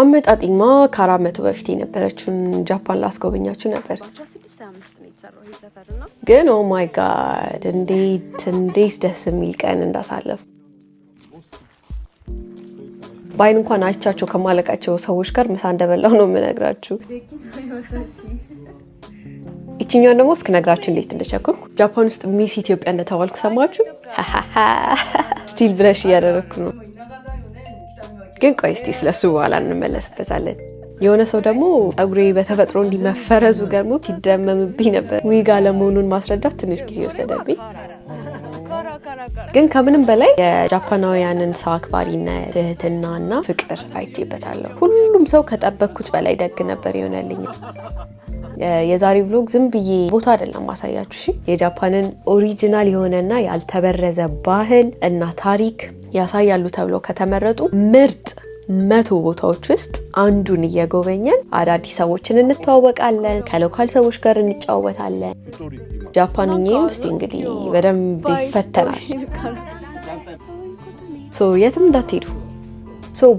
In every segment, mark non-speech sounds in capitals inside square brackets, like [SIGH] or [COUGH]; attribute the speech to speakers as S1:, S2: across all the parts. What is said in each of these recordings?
S1: አመጣጢማ ከአራት መቶ በፊት የነበረችውን ጃፓን ላስጎበኛችሁ ነበር። ግን ማይ ጋድ እንዴት እንዴት ደስ የሚል ቀን እንዳሳለፍ በአይን እንኳን አይቻቸው ከማለቃቸው ሰዎች ጋር ምሳ እንደበላው ነው የምነግራችሁ። ይችኛውን ደግሞ እስክነግራችሁ እንዴት እንደቸኮልኩ ጃፓን ውስጥ ሚስ ኢትዮጵያ እንደተባልኩ ሰማችሁ። ስቲል ብለሽ እያደረግኩ ነው ግን ቆይ እስቲ ስለሱ በኋላ እንመለስበታለን። የሆነ ሰው ደግሞ ጸጉሬ በተፈጥሮ እንዲመፈረዙ ገርሞት ይደመምብኝ ነበር። ዊግ አለመሆኑን ማስረዳት ትንሽ ጊዜ ወሰደብኝ። ግን ከምንም በላይ የጃፓናውያንን ሰው አክባሪነት፣ ትህትናና ፍቅር አይቼበታለሁ። ሁሉም ሰው ከጠበኩት በላይ ደግ ነበር ይሆነልኝ። የዛሬ ብሎግ ዝም ብዬ ቦታ አይደለም ማሳያችሁ። የጃፓንን ኦሪጂናል የሆነና ያልተበረዘ ባህል እና ታሪክ ያሳያሉ ተብለው ከተመረጡ ምርጥ መቶ ቦታዎች ውስጥ አንዱን እየጎበኘን አዳዲስ ሰዎችን እንተዋወቃለን፣ ከሎካል ሰዎች ጋር እንጫወታለን። ጃፓንኛም እስቲ እንግዲህ በደንብ ይፈተናል። የትም እንዳትሄዱ።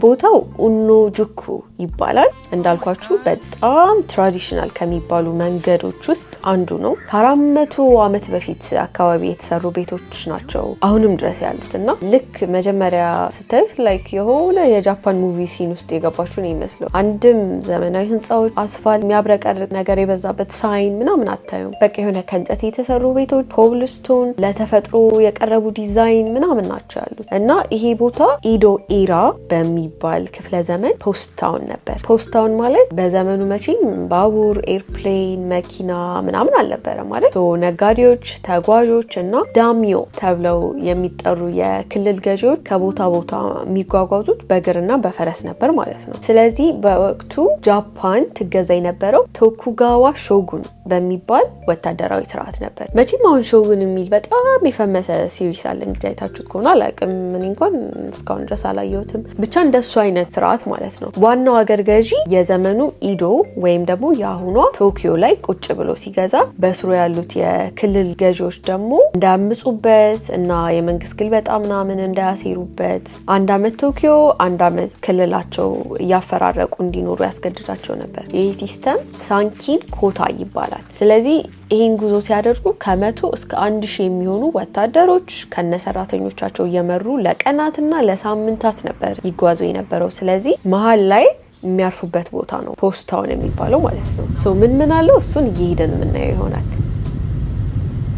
S1: ቦታው ኡኖጁኩ ይባላል። እንዳልኳችሁ በጣም ትራዲሽናል ከሚባሉ መንገዶች ውስጥ አንዱ ነው። ከአራት መቶ ዓመት በፊት አካባቢ የተሰሩ ቤቶች ናቸው አሁንም ድረስ ያሉት እና ልክ መጀመሪያ ስታዩት ላይክ የሆነ የጃፓን ሙቪ ሲን ውስጥ የገባችሁ ነው ይመስለው። አንድም ዘመናዊ ህንፃዎች፣ አስፋልት፣ የሚያብረቀርቅ ነገር የበዛበት ሳይን ምናምን አታዩም። በቃ የሆነ ከእንጨት የተሰሩ ቤቶች ኮብልስቶን፣ ለተፈጥሮ የቀረቡ ዲዛይን ምናምን ናቸው ያሉት እና ይሄ ቦታ ኢዶ ኢራ በሚባል ክፍለ ዘመን ፖስት ታውን ነበር። ፖስታውን ማለት በዘመኑ መቼም ባቡር፣ ኤርፕሌን፣ መኪና ምናምን አልነበረ ማለት ነጋዴዎች፣ ተጓዦች እና ዳሚዮ ተብለው የሚጠሩ የክልል ገዢዎች ከቦታ ቦታ የሚጓጓዙት በእግርና በፈረስ ነበር ማለት ነው። ስለዚህ በወቅቱ ጃፓን ትገዛ የነበረው ቶኩጋዋ ሾጉን በሚባል ወታደራዊ ስርዓት ነበር። መቼም አሁን ሾጉን የሚል በጣም የፈመሰ ሲሪስ አለ። እንግዲህ አይታችሁት ከሆነ አላውቅም፣ እኔ እንኳን እስካሁን ድረስ አላየሁትም። ብቻ እንደሱ አይነት ስርዓት ማለት ነው። ዋናው ሀገር ገዢ የዘመኑ ኢዶ ወይም ደግሞ የአሁኗ ቶኪዮ ላይ ቁጭ ብሎ ሲገዛ በስሩ ያሉት የክልል ገዢዎች ደግሞ እንዳያምፁበት እና የመንግስት ግልበጣ ምናምን እንዳያሴሩበት አንድ አመት ቶኪዮ አንድ አመት ክልላቸው እያፈራረቁ እንዲኖሩ ያስገድዳቸው ነበር። ይህ ሲስተም ሳንኪን ኮታ ይባላል። ስለዚህ ይህን ጉዞ ሲያደርጉ ከመቶ እስከ አንድ ሺህ የሚሆኑ ወታደሮች ከነ ሰራተኞቻቸው እየመሩ ለቀናትና ለሳምንታት ነበር ይጓዙ የነበረው። ስለዚህ መሀል ላይ የሚያርፉበት ቦታ ነው ፖስታውን የሚባለው ማለት ነው። ሰው ምን ምን አለው እሱን እየሄደን የምናየው ይሆናል።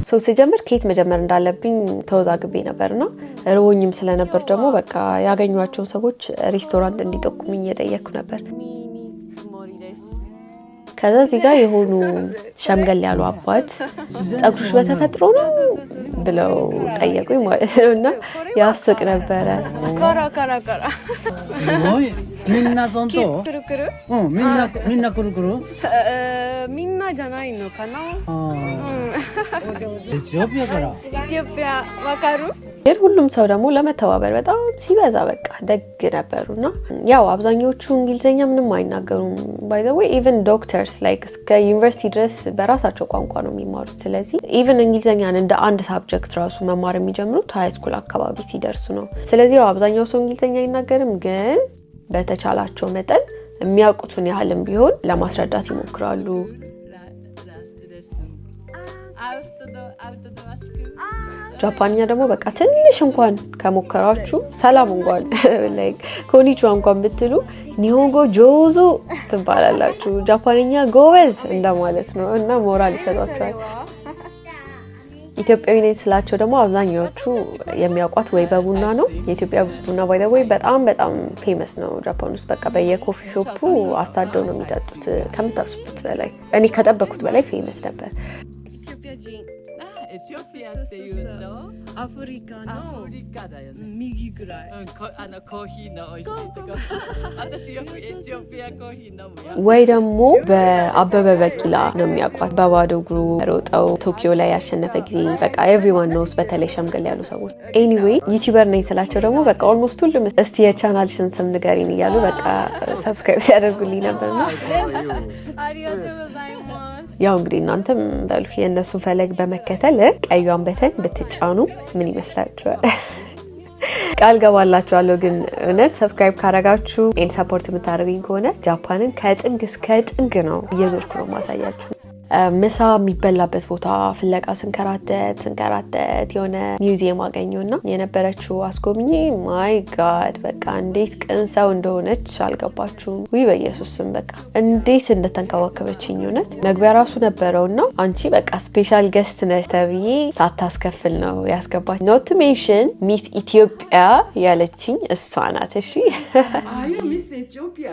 S1: ሰው ሲጀምር ከየት መጀመር እንዳለብኝ ተወዛግቤ ነበርና ርቦኝም ስለነበር ደግሞ በቃ ያገኟቸውን ሰዎች ሬስቶራንት እንዲጠቁምኝ እየጠየቅኩ ነበር። ከዛ እዚህ ጋር የሆኑ ሸምገል ያሉ አባት ጸጉሮች በተፈጥሮ ነው ብለው ጠየቁኝ ማለት ነው እና ያስቅ ነበረ።
S2: みんなそんとくるくるうんみんなみんなくるくる
S3: みんなじゃないのかな
S2: エチオピアから
S3: エチオピアわかる
S1: ግን ሁሉም ሰው ደግሞ ለመተባበር በጣም ሲበዛ በቃ ደግ ነበሩና ያው አብዛኞቹ እንግሊዝኛ ምንም አይናገሩም። ባይ ዘ ወይ ኢቨን ዶክተርስ ላይክ እስከ ዩኒቨርሲቲ ድረስ በራሳቸው ቋንቋ ነው የሚማሩት። ስለዚህ ኢቨን እንግሊዝኛን እንደ አንድ ሳብጀክት ራሱ መማር የሚጀምሩት ሀይስኩል አካባቢ ሲደርሱ ነው። ስለዚህ ያው አብዛኛው ሰው እንግሊዝኛ አይናገርም ግን በተቻላቸው መጠን የሚያውቁትን ያህልም ቢሆን ለማስረዳት ይሞክራሉ። ጃፓንኛ ደግሞ በቃ ትንሽ እንኳን ከሞከራችሁ ሰላም እንኳን ላይክ [LAUGHS] እንኳን ብትሉ ኒሆንጎ ጆዞ ትባላላችሁ። ጃፓንኛ ጎበዝ እንደማለት ነው እና ሞራል ይሰጧቸዋል። ኢትዮጵያዊ ነኝ ስላቸው ደግሞ አብዛኛዎቹ የሚያውቋት ወይ በቡና ነው። የኢትዮጵያ ቡና ባይ ወይ በጣም በጣም ፌመስ ነው ጃፓን ውስጥ። በቃ በየኮፊ ሾፑ አሳደው ነው የሚጠጡት ከምታስቡት በላይ። እኔ ከጠበኩት በላይ ፌመስ ነበር። エチオピアっていうとアフリカのアフリカだよね右ぐらい、うん、こあのコーヒーの美味しいとこ私よくエチオピアコーヒー飲むよ ወይ ደግሞ በአበበ በቂላ ነው የሚያውቋት። በባዶ እግሩ ሮጠው ቶኪዮ ላይ ያሸነፈ ጊዜ በቃ ኤቭሪዋን በተለይ ሸምገል ያሉ ሰዎች። ኤኒዌይ ነኝ ስላቸው ደግሞ በቃ ኦልሞስት ሁሉም እስቲ የቻናልሽን ስም ንገሪን እያሉ በቃ ሰብስክራይብ ሲያደርጉልኝ ነበር ነው ያው እንግዲህ እናንተም በሉ የእነሱን ፈለግ በመከተል ቀዩን በተን ብትጫኑ ምን ይመስላችኋል? [LAUGHS] ቃል ገባላችኋለሁ። ግን እውነት ሰብስክራይብ ካረጋችሁ ኤን ሰፖርት የምታደርጉኝ ከሆነ ጃፓንን ከጥንግ እስከ ጥግ ነው እየዞርኩ ነው ማሳያችሁ። ምሳ የሚበላበት ቦታ ፍለጋ ስንከራተት ስንከራተት የሆነ ሚውዚየም አገኘውና የነበረችው አስጎብኚ ማይ ጋድ በቃ እንዴት ቅን ሰው እንደሆነች አልገባችሁም። ውይ በኢየሱስም በቃ እንዴት እንደተንከባከበችኝ እውነት መግቢያ ራሱ ነበረው ና አንቺ በቃ ስፔሻል ገስት ነች ተብዬ ሳታስከፍል ነው ያስገባች። ኖት ሜንሽን ሚስ ኢትዮጵያ ያለችኝ እሷ ናት። እሺ ሚስ ኢትዮጵያ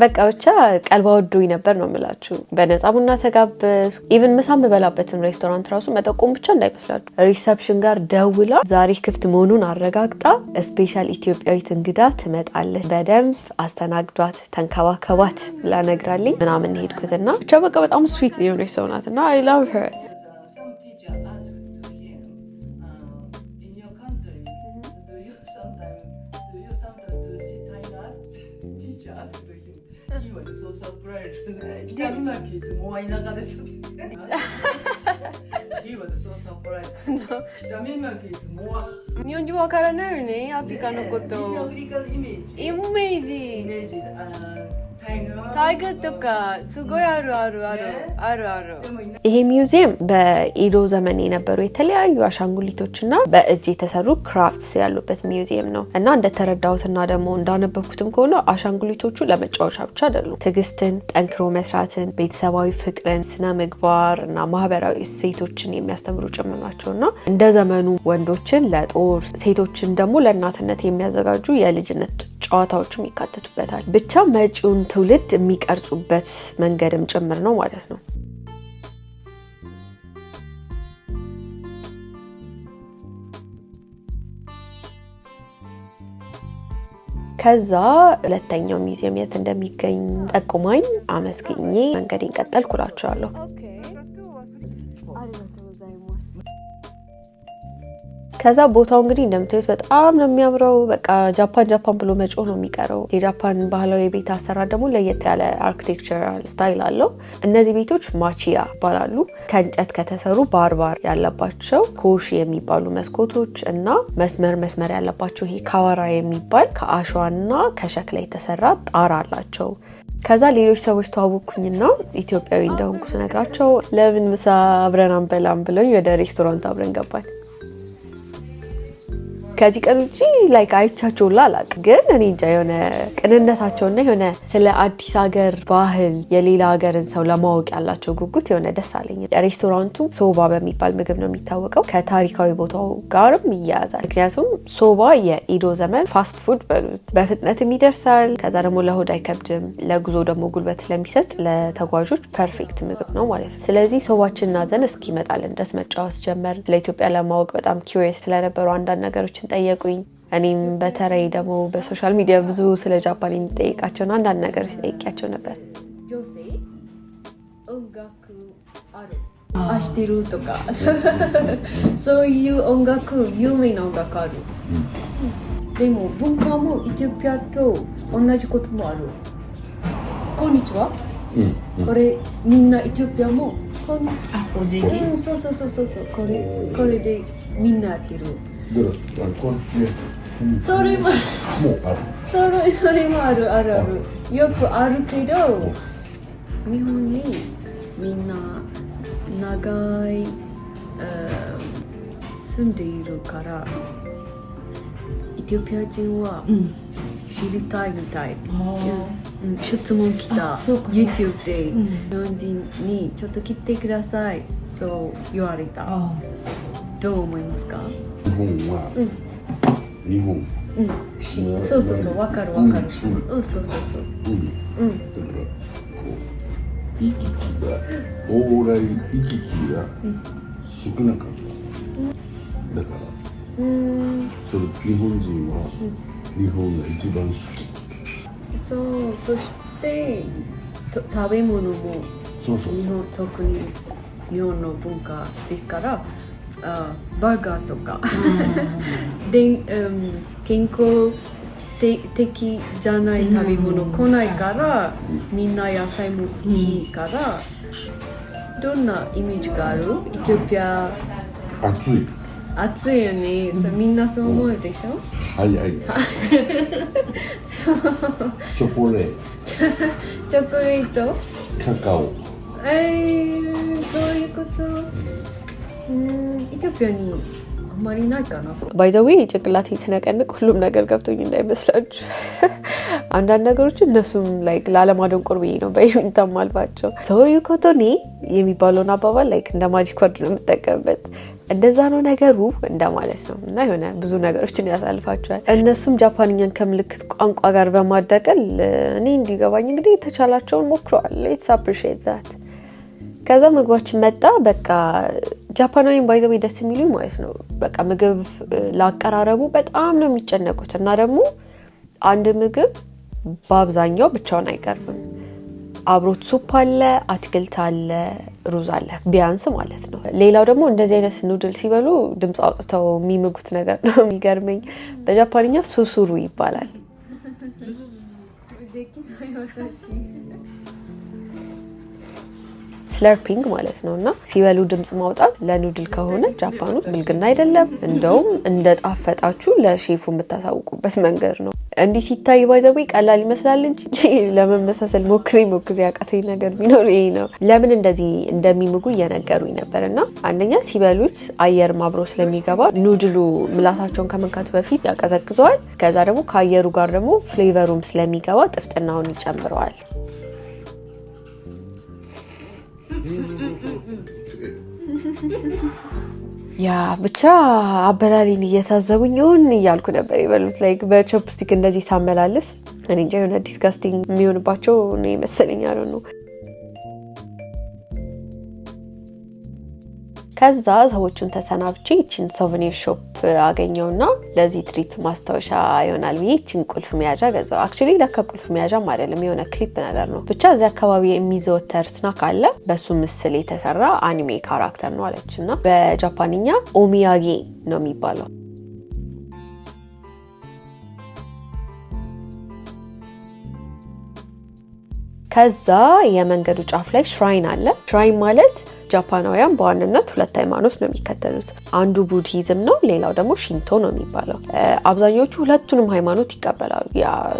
S1: በቃ ብቻ ቀልባ ወዶኝ ነበር ነው የምላችሁ። በነፃ ቡና ተጋበዝ ኢቨን ምሳ የምበላበትን ሬስቶራንት ራሱ መጠቆም ብቻ እንዳይመስላችሁ። ሪሰፕሽን ጋር ደውላ ዛሬ ክፍት መሆኑን አረጋግጣ ስፔሻል ኢትዮጵያዊት እንግዳ ትመጣለች፣ በደንብ አስተናግዷት፣ ብላ ላነግራልኝ ምናምን ሄድኩትና ብቻ በቃ በጣም ስዊት የሆነች ሰውናት። አይ ላቭ ሄር um, do you sometimes to see tiger? Teacher asked him. He was so surprised. 北の泣きいつもは田舎ですって。He was so surprised. 北の泣きいつもは。日本人わからないよね、アフリカのこと。イメージ。イメージ。イメージ。ይሄ ሚውዚየም በኢዶ ዘመን የነበሩ የተለያዩ አሻንጉሊቶችና በእጅ የተሰሩ ክራፍትስ ያሉበት ሚውዚየም ነው እና እንደተረዳሁትና ደግሞ እንዳነበብኩትም ከሆነ አሻንጉሊቶቹ ለመጫወቻ ብቻ አይደሉም። ትዕግስትን፣ ጠንክሮ መስራትን፣ ቤተሰባዊ ፍቅርን፣ ስነ ምግባር እና ማህበራዊ እሴቶችን የሚያስተምሩ ጭምር ናቸው እና እንደ ዘመኑ ወንዶችን ለጦር ሴቶችን ደግሞ ለእናትነት የሚያዘጋጁ የልጅነት ጨዋታዎቹም ይካተቱበታል። ብቻ መጪውን ትውልድ የሚቀርጹበት መንገድም ጭምር ነው ማለት ነው። ከዛ ሁለተኛው ሚዚየም የት እንደሚገኝ ጠቁማኝ አመስግኜ መንገዴን ቀጠልኩ እላቸዋለሁ። ከዛ ቦታው እንግዲህ እንደምታዩት በጣም ነው የሚያምረው። በቃ ጃፓን ጃፓን ብሎ መጮ ነው የሚቀረው። የጃፓን ባህላዊ ቤት አሰራር ደግሞ ለየት ያለ አርኪቴክቸራል ስታይል አለው። እነዚህ ቤቶች ማቺያ ይባላሉ። ከእንጨት ከተሰሩ ባርባር ያለባቸው ኮሽ የሚባሉ መስኮቶች እና መስመር መስመር ያለባቸው ይሄ ካዋራ የሚባል ከአሸዋና ከሸክላ የተሰራ ጣራ አላቸው። ከዛ ሌሎች ሰዎች ተዋወቅኩኝና ኢትዮጵያዊ እንደሆንኩ ስነግራቸው ለምን ምሳ አብረን አንበላም ብለኝ ወደ ሬስቶራንት አብረን ገባል። ከዚህ ቀን ውጭ ላይክ አይቻቸውላ አላውቅም። ግን እኔ እንጃ የሆነ ቅንነታቸውና የሆነ ስለ አዲስ ሀገር ባህል የሌላ ሀገርን ሰው ለማወቅ ያላቸው ጉጉት የሆነ ደስ አለኝ። ሬስቶራንቱ ሶባ በሚባል ምግብ ነው የሚታወቀው። ከታሪካዊ ቦታው ጋርም ይያያዛል። ምክንያቱም ሶባ የኢዶ ዘመን ፋስት ፉድ በሉት በፍጥነት ይደርሳል። ከዛ ደግሞ ለሆድ አይከብድም፣ ለጉዞ ደግሞ ጉልበት ስለሚሰጥ ለተጓዦች ፐርፌክት ምግብ ነው ማለት ነው። ስለዚህ ሶባችን አዘን እስኪመጣልን ድረስ መጫወት ጀመር። ለኢትዮጵያ ለማወቅ በጣም ኪሪየስ ስለነበሩ አንዳንድ ነገሮችን ጠየቁኝ። እኔም በተለይ ደግሞ በሶሻል ሚዲያ ብዙ ስለ ጃፓን የሚጠይቃቸውን አንዳንድ ነገሮች ጠይቂያቸው ነበር።
S3: ኢትዮጵያ ቶ ኦናጅ ኮትሞ ኮኒችዋ ኮሬ ሚና ኢትዮጵያ ሞ ኮሬ ሚና ያቴሩ それもそれそれもあるあるあるよくあるけど日本にみんな長い、住んでいるからエチオピア人は知りたいみたい、うん、質問来た YouTube で、日本人にちょっと来てくださいそう言われたどう思いますか
S4: 日本は、日本、う
S3: ん、そうそうそうわかるわかる、うんそうそう
S4: そうんうん、だからこう行き来が往来行き来が少なかった、だからそれ日本人は日本が一番好
S3: き、そうそして食べ物も日本特に日本の文化ですからあバーガーとか、でうん、健康的じゃない食べ物来ないから、みんな野菜も好きから、どんなイメージがあるエチオピア暑い暑いよね、そうみんなそう思うでしょ、う
S4: はいはい [LAUGHS] そうチョコレート
S3: [LAUGHS] チョコレートカカオえー、どういうことうん ኢትዮጵያ
S1: ባይ ዘ ዌይ ጭንቅላቴ ስነቀንቅ ሁሉም ነገር ገብቶኝ እንዳይመስላችሁ [LAUGHS] አንዳንድ ነገሮች እነሱም ላይክ ላለማደንቆር ብዬ ነው በየሚታማልባቸው ሰውዩ ኮቶኔ የሚባለውን አባባል ላይክ እንደ ማጂክ ወርድ ነው የምጠቀምበት። እንደዛ ነው ነገሩ እንደማለት ነው። እና የሆነ ብዙ ነገሮችን ያሳልፋቸዋል። እነሱም ጃፓንኛን ከምልክት ቋንቋ ጋር በማዳቀል እኔ እንዲገባኝ እንግዲህ የተቻላቸውን ሞክረዋል። ኢትስ አፕሪሺየት ዛት ከዛ ምግባችን መጣ። በቃ ጃፓናዊን ወይ ደስ የሚሉ ማለት ነው። በቃ ምግብ ላቀራረቡ በጣም ነው የሚጨነቁት እና ደግሞ አንድ ምግብ በአብዛኛው ብቻውን አይቀርብም። አብሮት ሱፕ አለ፣ አትክልት አለ፣ ሩዝ አለ ቢያንስ ማለት ነው። ሌላው ደግሞ እንደዚህ አይነት ኑድል ሲበሉ ድምፅ አውጥተው የሚምጉት ነገር ነው የሚገርመኝ። በጃፓንኛ ሱሱሩ ይባላል። ስለርፒንግ ማለት ነው እና ሲበሉ ድምጽ ማውጣት ለኑድል ከሆነ ጃፓኖች ብልግና አይደለም፣ እንደውም እንደ ጣፈጣችሁ ለሼፉ የምታሳውቁበት መንገድ ነው። እንዲህ ሲታይ ባይዘዌ ቀላል ይመስላል እንጂ ለመመሳሰል ሞክሬ ሞክሬ ያቃተኝ ነገር ቢኖር ይሄ ነው። ለምን እንደዚህ እንደሚምጉ እየነገሩኝ ነበር እና አንደኛ ሲበሉት አየር ማብሮ ስለሚገባ ኑድሉ ምላሳቸውን ከመንካቱ በፊት ያቀዘቅዘዋል። ከዛ ደግሞ ከአየሩ ጋር ደግሞ ፍሌቨሩም ስለሚገባ ጥፍጥናውን ይጨምረዋል። ያ ብቻ አበላሊን እየታዘቡኝ ይሆን እያልኩ ነበር የበሉት ላይ በቾፕስቲክ እንደዚህ ሳመላለስ እኔ እንጃ የሆነ ዲስጋስቲንግ የሚሆንባቸው ነው ይመስለኛል ነው ከዛ ሰዎቹን ተሰናብቼ ይችን ሶቨኒር ሾፕ አገኘውና ለዚህ ትሪፕ ማስታወሻ ይሆናል ብዬ ይችን ቁልፍ መያዣ ገዛው። አክቹሊ ለካ ቁልፍ መያዣም አይደለም የሆነ ክሊፕ ነገር ነው። ብቻ እዚ አካባቢ የሚዘወተር ስናክ አለ፣ በሱ ምስል የተሰራ አኒሜ ካራክተር ነው አለች እና በጃፓንኛ ኦሚያጌ ነው የሚባለው። ከዛ የመንገዱ ጫፍ ላይ ሽራይን አለ። ሽራይን ማለት ጃፓናውያን በዋንነት ሁለት ሃይማኖት ነው የሚከተሉት። አንዱ ቡድሂዝም ነው፣ ሌላው ደግሞ ሺንቶ ነው የሚባለው። አብዛኞቹ ሁለቱንም ሃይማኖት ይቀበላሉ።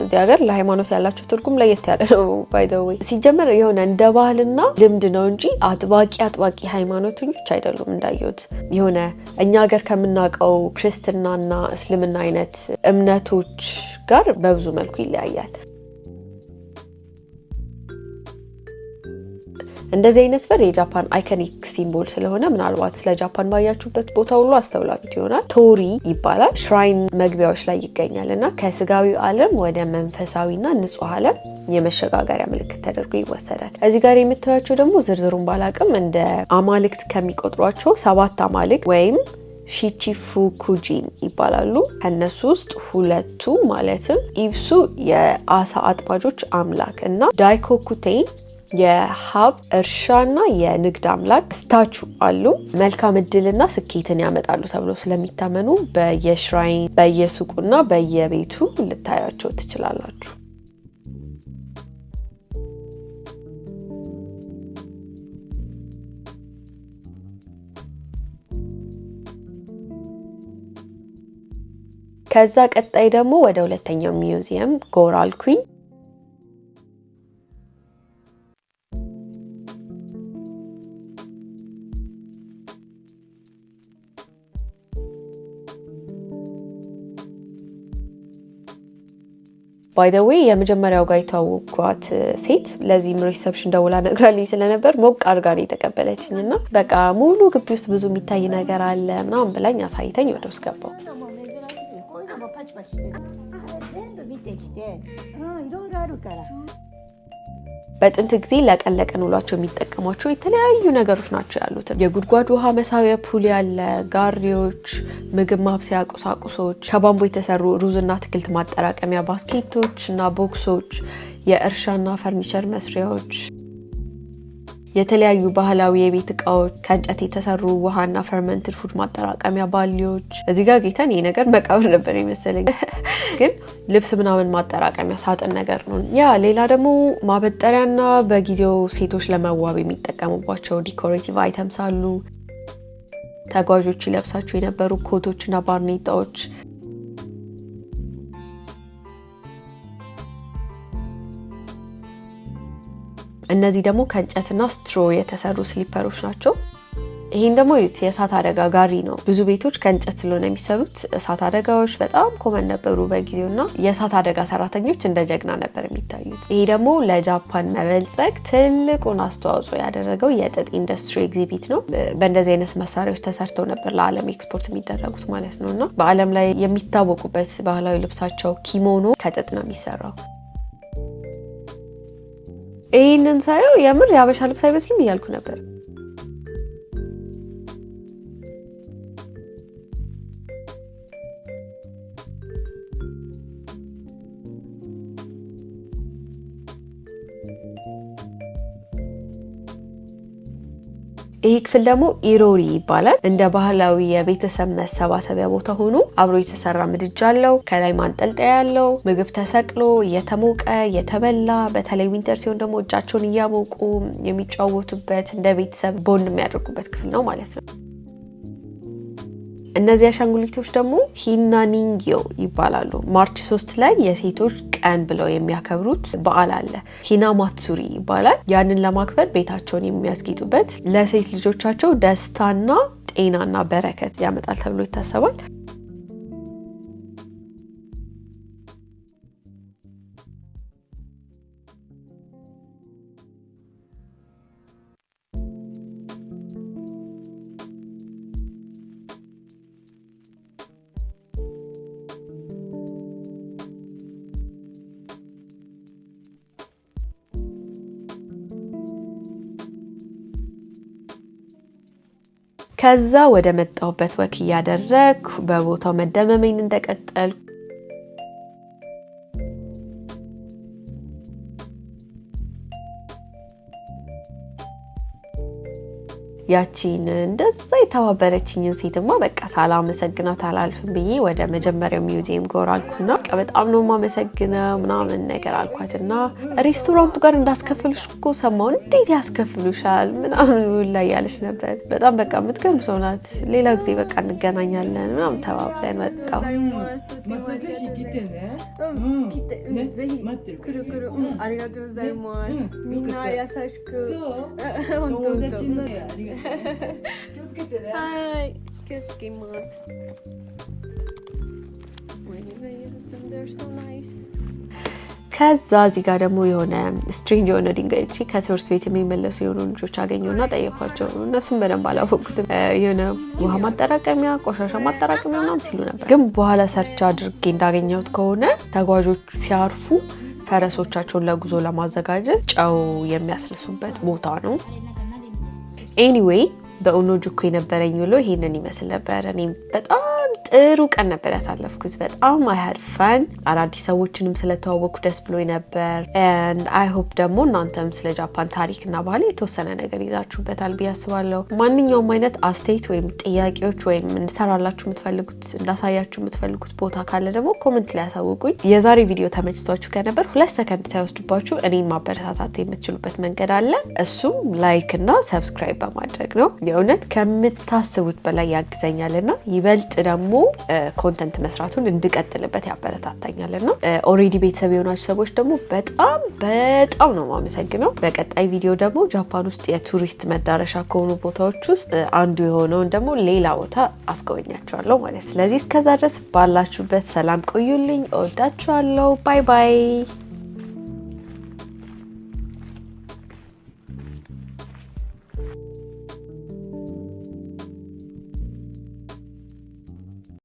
S1: እዚህ ሀገር ለሃይማኖት ያላቸው ትርጉም ለየት ያለ ነው። ባይዘወይ ሲጀመር የሆነ እንደ ባህልና ልምድ ነው እንጂ አጥባቂ አጥባቂ ሃይማኖተኞች አይደሉም። እንዳየሁት የሆነ እኛ ሀገር ከምናውቀው ክርስትናና እስልምና አይነት እምነቶች ጋር በብዙ መልኩ ይለያያል። እንደዚህ አይነት በር የጃፓን አይኮኒክ ሲምቦል ስለሆነ ምናልባት ስለ ጃፓን ባያችሁበት ቦታ ሁሉ አስተውላችሁት ይሆናል። ቶሪ ይባላል። ሽራይን መግቢያዎች ላይ ይገኛል እና ከስጋዊ ዓለም ወደ መንፈሳዊና ንጹህ ዓለም የመሸጋገሪያ ምልክት ተደርጎ ይወሰዳል። እዚህ ጋር የምታያቸው ደግሞ ዝርዝሩን ባላቅም እንደ አማልክት ከሚቆጥሯቸው ሰባት አማልክት ወይም ሺቺፉኩጂን ይባላሉ። ከነሱ ውስጥ ሁለቱ ማለትም ኢብሱ የአሳ አጥማጆች አምላክ እና ዳይኮኩቴን የሀብ እርሻና የንግድ አምላክ ስታቹ አሉ። መልካም እድልና ስኬትን ያመጣሉ ተብሎ ስለሚታመኑ በየሽራይን በየሱቁና በየቤቱ ልታያቸው ትችላላችሁ። ከዛ ቀጣይ ደግሞ ወደ ሁለተኛው ሚውዚየም ጎራ አልኩኝ። ባይ ዘ ዌይ የመጀመሪያው ጋር የተዋወቅኳት ሴት ለዚህም ሪሰፕሽን ደውላ ነግራልኝ ስለነበር ሞቅ አድርጋ ነው የተቀበለችኝ እና በቃ ሙሉ ግቢ ውስጥ ብዙ የሚታይ ነገር አለ ምናምን ብላኝ አሳይተኝ ወደ ውስጥ ገባው። በጥንት ጊዜ ለቀን ለቀን ውሏቸው የሚጠቀሟቸው የተለያዩ ነገሮች ናቸው ያሉት። የጉድጓድ ውሃ መሳቢያ ፑል ያለ፣ ጋሪዎች፣ ምግብ ማብሰያ ቁሳቁሶች፣ ከባምቦ የተሰሩ ሩዝና አትክልት ማጠራቀሚያ ባስኬቶች እና ቦክሶች፣ የእርሻና ፈርኒቸር መስሪያዎች የተለያዩ ባህላዊ የቤት እቃዎች፣ ከእንጨት የተሰሩ ውሃና ፈርመንትድ ፉድ ማጠራቀሚያ ባልዲዎች እዚህ ጋር ጌታን ይህ ነገር መቃብር ነበር የመሰለኝ፣ [LAUGHS] ግን ልብስ ምናምን ማጠራቀሚያ ሳጥን ነገር ነው። ያ ሌላ ደግሞ ማበጠሪያና በጊዜው ሴቶች ለመዋብ የሚጠቀሙባቸው ዲኮሬቲቭ አይተምስ አሉ። ተጓዦች ይለብሳቸው የነበሩ ኮቶችና ባርኔጣዎች እነዚህ ደግሞ ከእንጨትና ስትሮ የተሰሩ ስሊፐሮች ናቸው። ይህን ደግሞ ዩት የእሳት አደጋ ጋሪ ነው። ብዙ ቤቶች ከእንጨት ስለሆነ የሚሰሩት እሳት አደጋዎች በጣም ኮመን ነበሩ በጊዜው እና የእሳት አደጋ ሰራተኞች እንደ ጀግና ነበር የሚታዩት። ይሄ ደግሞ ለጃፓን መበልጸግ ትልቁን አስተዋጽኦ ያደረገው የጥጥ ኢንዱስትሪ ኤግዚቢት ነው። በእንደዚህ አይነት መሳሪያዎች ተሰርተው ነበር ለዓለም ኤክስፖርት የሚደረጉት ማለት ነው እና በዓለም ላይ የሚታወቁበት ባህላዊ ልብሳቸው ኪሞኖ ከጥጥ ነው የሚሰራው። ይህንን ሳየው የምር የሀበሻ ልብስ አይመስልም እያልኩ ነበር። ይሄ ክፍል ደግሞ ኢሮሪ ይባላል። እንደ ባህላዊ የቤተሰብ መሰባሰቢያ ቦታ ሆኖ አብሮ የተሰራ ምድጃ አለው። ከላይ ማንጠልጠያ ያለው ምግብ ተሰቅሎ እየተሞቀ እየተበላ በተለይ ዊንተር ሲሆን ደግሞ እጃቸውን እያሞቁ የሚጫወቱበት እንደ ቤተሰብ ቦንድ የሚያደርጉበት ክፍል ነው ማለት ነው። እነዚህ አሻንጉሊቶች ደግሞ ሂና ሂናኒንጊዮ ይባላሉ። ማርች ሶስት ላይ የሴቶች ቀን ብለው የሚያከብሩት በዓል አለ። ሂና ማትሱሪ ይባላል። ያንን ለማክበር ቤታቸውን የሚያስጌጡበት ለሴት ልጆቻቸው ደስታና ጤናና በረከት ያመጣል ተብሎ ይታሰባል። ከዛ ወደ መጣሁበት ወክ እያደረግኩ በቦታው መደመመኝ እንደቀጠልኩ ያቺን እንደዛ የተባበረችኝን ሴትማ በቃ ሳላመሰግናት አላልፍም ብዬ ወደ መጀመሪያው ሚውዚየም ጎራ አልኩና በቃ በጣም ነው የማመሰግነው ምናምን ነገር አልኳትና ሬስቶራንቱ ጋር እንዳስከፍሉሽ እኮ ሰማሁ፣ እንዴት ያስከፍሉሻል ምናምን ውላ እያለች ነበር። በጣም በቃ የምትገርም ሰው ናት። ሌላ ጊዜ በቃ እንገናኛለን ምናምን ተባብለን
S3: た。またぜひ来てね。うん、来て、うん、ぜひ待ってる。くるくる、うん、ありがとうございます。みんな優しく。そう。[LAUGHS] 友達になれ、気をつけてね。はい、気をつけます。When you
S1: guys, they're so nice. ከዛ እዚህ ጋር ደግሞ የሆነ ስትሪንግ የሆነ ድንጋይ እቺ ከትምህርት ቤት የሚመለሱ የሆኑ ልጆች እና ጠየኳቸው። እነሱም በደንብ አላወቁትም። የሆነ ውሃ ማጠራቀሚያ፣ ቆሻሻ ማጠራቀሚያ ምናምን ሲሉ ነበር። ግን በኋላ ሰርች አድርጌ እንዳገኘሁት ከሆነ ተጓዦች ሲያርፉ ፈረሶቻቸውን ለጉዞ ለማዘጋጀት ጨው የሚያስልሱበት ቦታ ነው። ኤኒዌይ በኡኖ እኮ የነበረኝ ውሎ ይሄንን ይመስል ነበር። እኔም በጣም ጥሩ ቀን ነበር ያሳለፍኩት። በጣም አይሀድ ፈን አዳዲስ ሰዎችንም ስለተዋወቅኩ ደስ ብሎ ነበር። አይ ሆፕ ደግሞ እናንተም ስለ ጃፓን ታሪክ እና ባህል የተወሰነ ነገር ይዛችሁበታል ብዬ አስባለሁ። ማንኛውም አይነት አስተያየት ወይም ጥያቄዎች ወይም እንሰራላችሁ የምትፈልጉት እንዳሳያችሁ የምትፈልጉት ቦታ ካለ ደግሞ ኮመንት ላይ ያሳውቁኝ። የዛሬ ቪዲዮ ተመችቷችሁ ከነበር ሁለት ሰከንድ ሳይወስድባችሁ እኔን ማበረታታት የምትችሉበት መንገድ አለ። እሱም ላይክ እና ሰብስክራይብ በማድረግ ነው። የእውነት ከምታስቡት በላይ ያግዘኛል እና ይበልጥ ደግሞ ኮንተንት መስራቱን እንድቀጥልበት ያበረታታኛል እና ኦሬዲ ቤተሰብ የሆናችሁ ሰዎች ደግሞ በጣም በጣም ነው ማመሰግነው በቀጣይ ቪዲዮ ደግሞ ጃፓን ውስጥ የቱሪስት መዳረሻ ከሆኑ ቦታዎች ውስጥ አንዱ የሆነውን ደግሞ ሌላ ቦታ አስጎበኛችኋለሁ ማለት ስለዚህ እስከዛ ድረስ ባላችሁበት ሰላም ቆዩልኝ። እወዳችኋለሁ። ባይ ባይ።